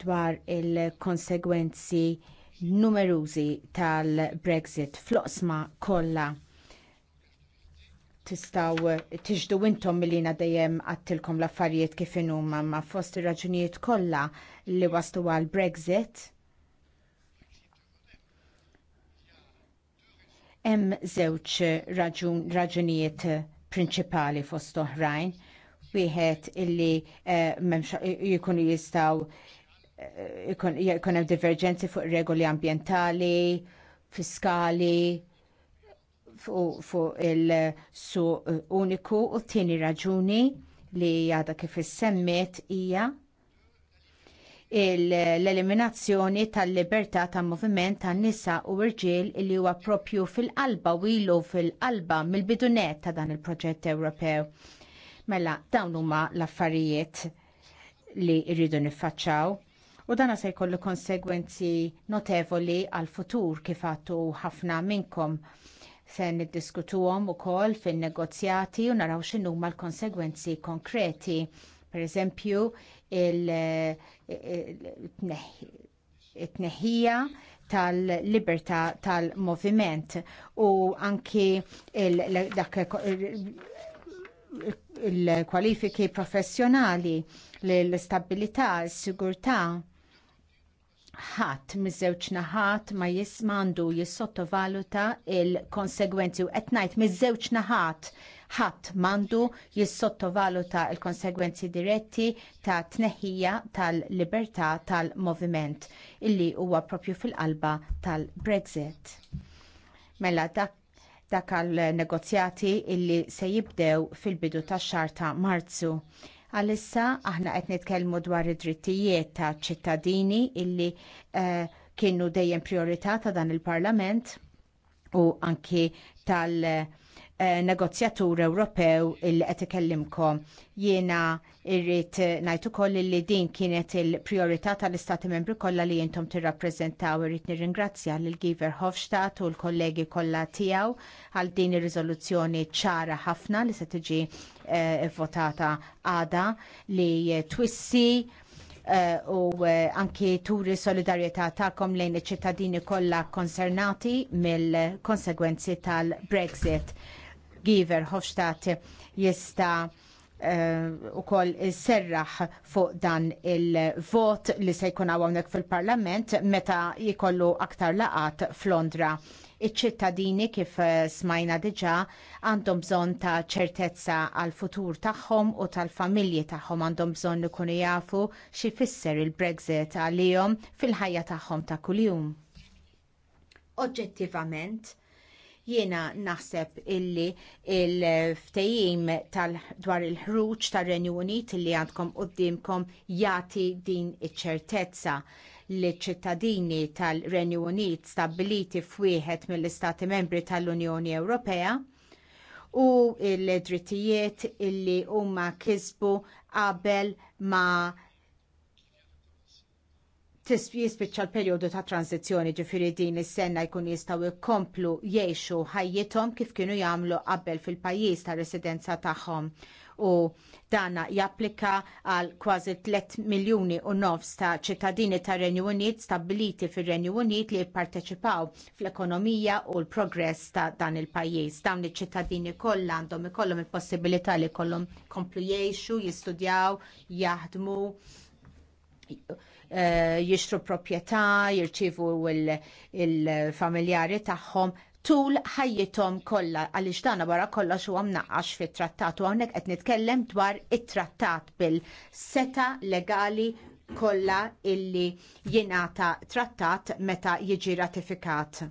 dwar il-konsegwenzi numerużi tal-Brexit fl kollha. Tistgħu tiġdu intom millina dejjem għattilkom l-affarijiet kif inhuma ma fost ir-raġunijiet kollha li waslu għal Brexit. Hemm żewġ raġunijiet prinċipali fost oħrajn wieħed illi eh, jkunu jistgħu ikun hemm diverġenzi fuq regoli ambjentali, fiskali, fuq il-suq uniku u t-tieni raġuni li għadha kif issemmiet hija l-eliminazzjoni tal-libertà ta' moviment tan nisa u rġiel li huwa proprju fil-qalba u ilu fil-qalba mill-bidunet ta' dan il-proġett Ewropew. Mela, dawn huma l-affarijiet li rridu niffaċċaw u dana se jkollu konsegwenzi notevoli għal futur kif għattu ħafna minnkom se niddiskutuhom ukoll fin-negozjati u naraw x'inhuma l-konsegwenzi konkreti. Per eżempju, it-tneħħija tal-libertà tal-moviment u anki dak il-kwalifiki professjonali, l-istabilità, s-sigurtà ħadd miż-żewġ naħat ma jismandu jissottovaluta il-konsegwenzi u qed ngħid miż-żewġ naħat ħadd m'għandu jissottovaluta l konsegwenzi diretti ta' tneħħija tal-libertà tal-moviment illi huwa proprju fil-qalba tal-Brexit. Mela dak dak għal negozjati illi se jibdew fil-bidu tax xahar ta' Marzu Għalissa aħna qed nitkellmu dwar id-drittijiet ta' ċittadini illi eh, kienu dejjem priorità ta' dan il-Parlament u anki tal- uh, Eh, negozjatur Ewropew il qed ikellimkom. Jiena irrid ngħid ukoll li din kienet il-priorità tal-Istati Membri kollha li intom tirrappreżentaw irrid nirringrazzja lil Giver Hofstadt u l-kollegi kollha tiegħu għal din ir-riżoluzzjoni ċara ħafna li se tiġi eh, votata għada li twissi eh, u anki turi solidarieta ta'kom lejn iċ-ċittadini kollha konsernati mill-konsegwenzi tal-Brexit. Giver Hofstadt jista' eh, u koll serraħ fuq dan il-vot li se jkun għawnek fil-parlament meta jikollu aktar laqat f'Londra. Iċ-ċittadini kif eh, smajna diġa għandhom bżon ta' ċertezza għal futur tagħhom u tal-familji tagħhom għandhom bżon ikunu jafu xi fisser il-Brexit għalihom fil-ħajja tagħhom ta' kuljum. Oġġettivament, Jiena naħseb illi il-ftejim dwar il-ħruġ tar-Renju Unit li għandkom qudiemkom jagħti din iċ-ċertezza li ċittadini tal-Renju Unit stabbiliti f'wieħed mill-Istati Membri tal-Unjoni Ewropea u l-drittijiet illi huma kisbu qabel ma' jispiċċa l-perjodu ta' tranzizjoni ġifiri din is-sena jkun jistgħu jkomplu jgħixu ħajjithom kif kienu jagħmlu qabel fil-pajjiż ta' residenza tagħhom u dana japplika għal kważi 3 miljuni u nofs ta' ċittadini ta' Renju Unit stabiliti fir renju Unit li jipparteċipaw fl-ekonomija u l-progress ta' dan il-pajjiż. Dawn iċ-ċittadini kollha għandhom ikollhom il-possibilità li jkollhom komplu jgħixu, jistudjaw, jaħdmu Eh, jixtru proprjetà, jirċivu il-familjari tagħhom tul ħajjithom kollha għaliex dan wara kollox huwa mnaqqax fit-trattat u hawnhekk qed nitkellem dwar it-trattat bil-seta legali kollha illi jingħata trattat meta jiġi ratifikat.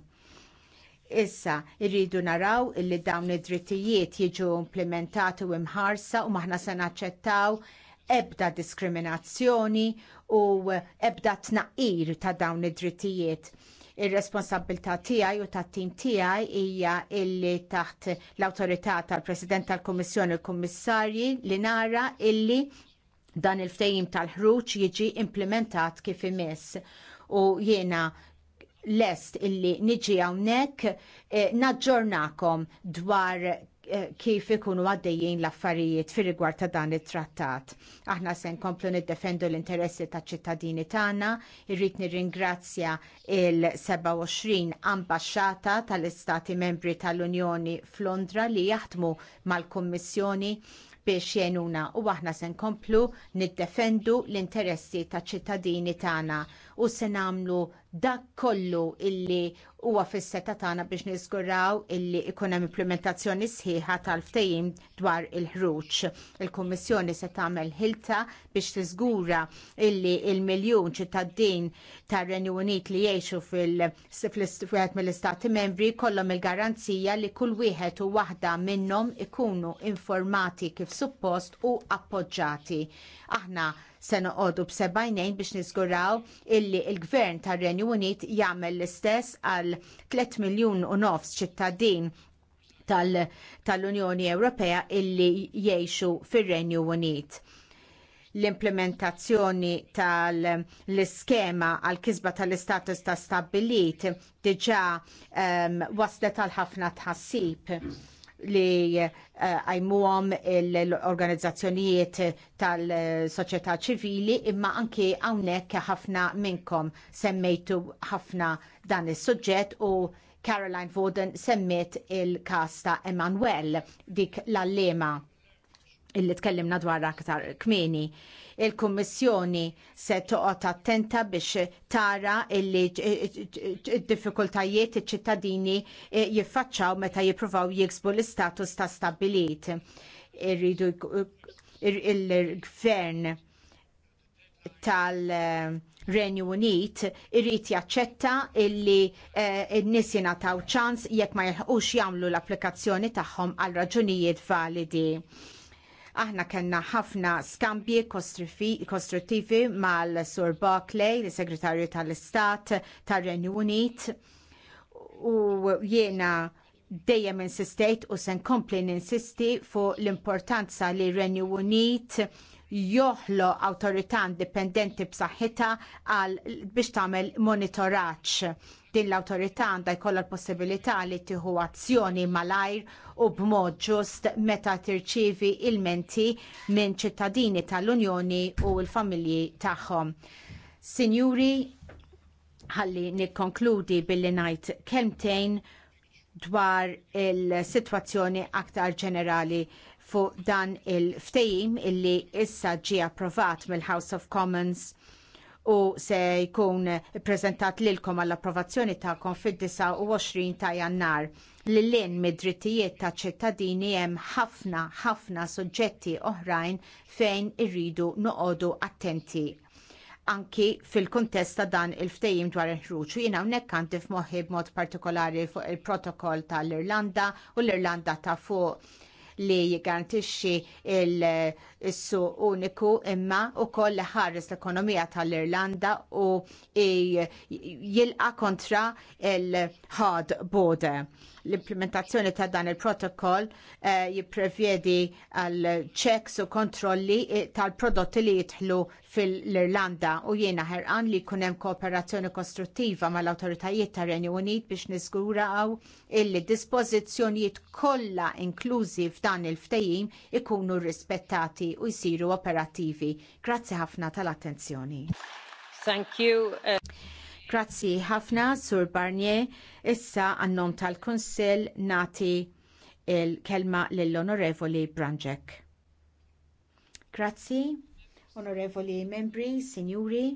Issa, irridu naraw illi dawn id-drittijiet jiġu implementati u imħarsa u maħna se naċċettaw ebda diskriminazzjoni u ebda tnaqir ta' dawn id-drittijiet ir-responsabilità tiegħi u tat-tim tiegħi hija illi taħt l-awtorità tal-President tal-Kummissjoni u l-Kummissarji li nara illi dan il-ftehim tal-ħruġ jiġi implementat kif imiss u jiena lest illi niġi hawnhekk eh, naġġornakom dwar Eh, kif ikunu għaddejjin l-affarijiet fir rigward ta' dan it-trattat. Aħna se nkomplu niddefendu l-interessi ta' ċittadini tagħna, irrid nirringrazzja il-27 ambasċata tal-Istati membri tal-Unjoni f'Londra li jaħdmu mal-Kummissjoni biex jenuna u aħna se nkomplu niddefendu l-interessi ta' ċittadini tagħna u se nagħmlu dak kollu illi huwa fis-seta tagħna biex niżguraw illi ikun hemm implementazzjoni sħiħa tal-ftehim dwar il-ħruġ. Il-Kummissjoni se tagħmel ħilta biex tiżgura illi il-miljun ċittadin tar-Renju Unit li jgħixu fil-wieħed mill-Istati Membri kollhom il-garanzija li kull wieħed u waħda minnhom ikunu informati kif suppost u appoġġati. Aħna se noqogħdu b'sebajnejn biex niżguraw il illi il-gvern tar renju Unit jagħmel l-istess għal 3 miljun u nofs ċittadin tal-Unjoni Ewropea illi jgħixu fir renju Unit l-implementazzjoni tal-iskema għal kisba tal-istatus ta' stabilit diġa um, ehm, waslet għal ħafna tħassib li eh, għajmuhom l-organizzazzjonijiet tal-soċjetà ċivili imma anki hawnhekk ħafna minnkom semmejtu ħafna dan is-suġġett u Caroline Voden semmet il kasta ta' Emanuel dik l-allema illi tkellimna dwar aktar kmieni. Il-Kummissjoni se toqgħod attenta biex tara illi d-diffikultajiet iċ-ċittadini eh, jiffaċċaw meta jippruvaw jiksbu l-istatus ta' stabbilit. Irridu il-gvern tal-Renju Unit irrit jaċċetta illi eh, n-nis jingħataw ċans jekk ma jilħqux jagħmlu l-applikazzjoni tagħhom għal raġunijiet validi. Aħna kellna ħafna skambji kostruttivi mal-Sur Barclay, il-Segretarju tal-Istat tar-Renju Unit u jiena dejjem insistejt u se nkompli ninsisti fuq l-importanza li r Renju Unit joħlo awtorità indipendenti b'saħħitha għal biex tagħmel monitoraġġ. Din l-awtorità għandha jkollha l-possibilità li tieħu azzjoni malajr u b'mod ġust meta tirċievi ilmenti minn ċittadini tal-Unjoni u l-familji tagħhom. Sinjuri, ħalli nikkonkludi billi ngħid kelmtejn dwar il-sitwazzjoni aktar ġenerali fuq dan il-ftejim illi issa ġie approvat mill-House of Commons u se jkun prezentat lilkom għall-approvazzjoni tagħkom fid-29 ta' jannar. Lillin mid-drittijiet ta' ċittadini hemm ħafna ħafna suġġetti oħrajn fejn irridu noqogħdu attenti anki fil kuntest ta' dan il-ftejim dwar il-ħruġ. Jien hawnhekk għandi f'moħħi b'mod partikolari fuq il-protokoll tal-Irlanda u l-Irlanda ta' fuq li jgarantixxi il- is uniku imma wkoll li ħares l-ekonomija tal-Irlanda u jilqa kontra il-hard border. L-implementazzjoni ta' dan il-protokoll eh, jipprevjedi għal checks u kontrolli eh, tal-prodotti li jidħlu fil-Irlanda u jiena ħerqan li jkun hemm kooperazzjoni kostruttiva mal-awtoritajiet tar-Renju Unit biex niżguraw illi dispożizzjonijiet kollha inklużi f'dan il-ftehim ikunu rispettati implementati u jsiru operattivi. Grazzi ħafna tal-attenzjoni. Thank you. Uh, Grazzi ħafna, Sur Barnier. Issa għannom tal-Kunsill nati il-kelma lill-Onorevoli Branġek. Grazzi, Onorevoli Membri, Signuri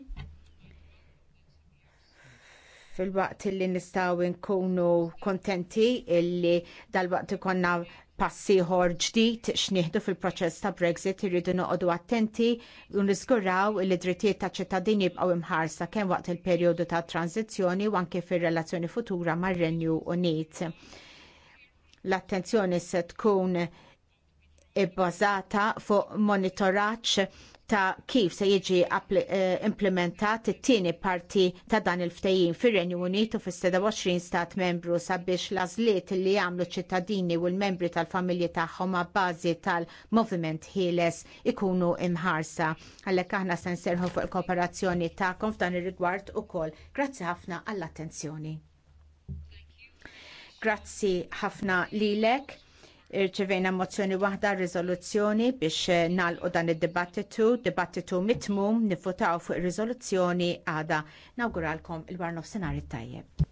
fil-waqt li nistaw nkunu kontenti illi dal-waqt ikonna ħor ġdid x'nieħdu fil-proċess ta' Brexit irridu noqogħdu attenti u niżguraw li drittijiet ta' ċittadini jibqgħu imħarsa kemm waqt il-perjodu ta' tranzizzjoni u anke fir-relazzjoni futura mar-Renju Unit. L-attenzjoni se tkun ibbażata fuq monitoraġġ ta' kif se jiġi eh, implementat it-tieni parti ta' dan il-ftejjin fir-Renju Unit u fis-27 stat membru sabiex l-għażliet li jagħmlu ċittadini u l-membri tal-familji tagħhom ma' bażi tal-moviment ħieles ikunu imħarsa. Għalhekk aħna se nserħu fuq il-kooperazzjoni tagħkom f'dan ir-rigward ukoll. Grazzi ħafna għall-attenzjoni. Grazzi ħafna lilek. Irċivejna mozzjoni waħda riżoluzzjoni biex eh, nalqu dan id-dibattitu, dibattitu mitmum nifutaw fuq ir-riżoluzzjoni għada. Nawguralkom il-warnof senari tajjeb.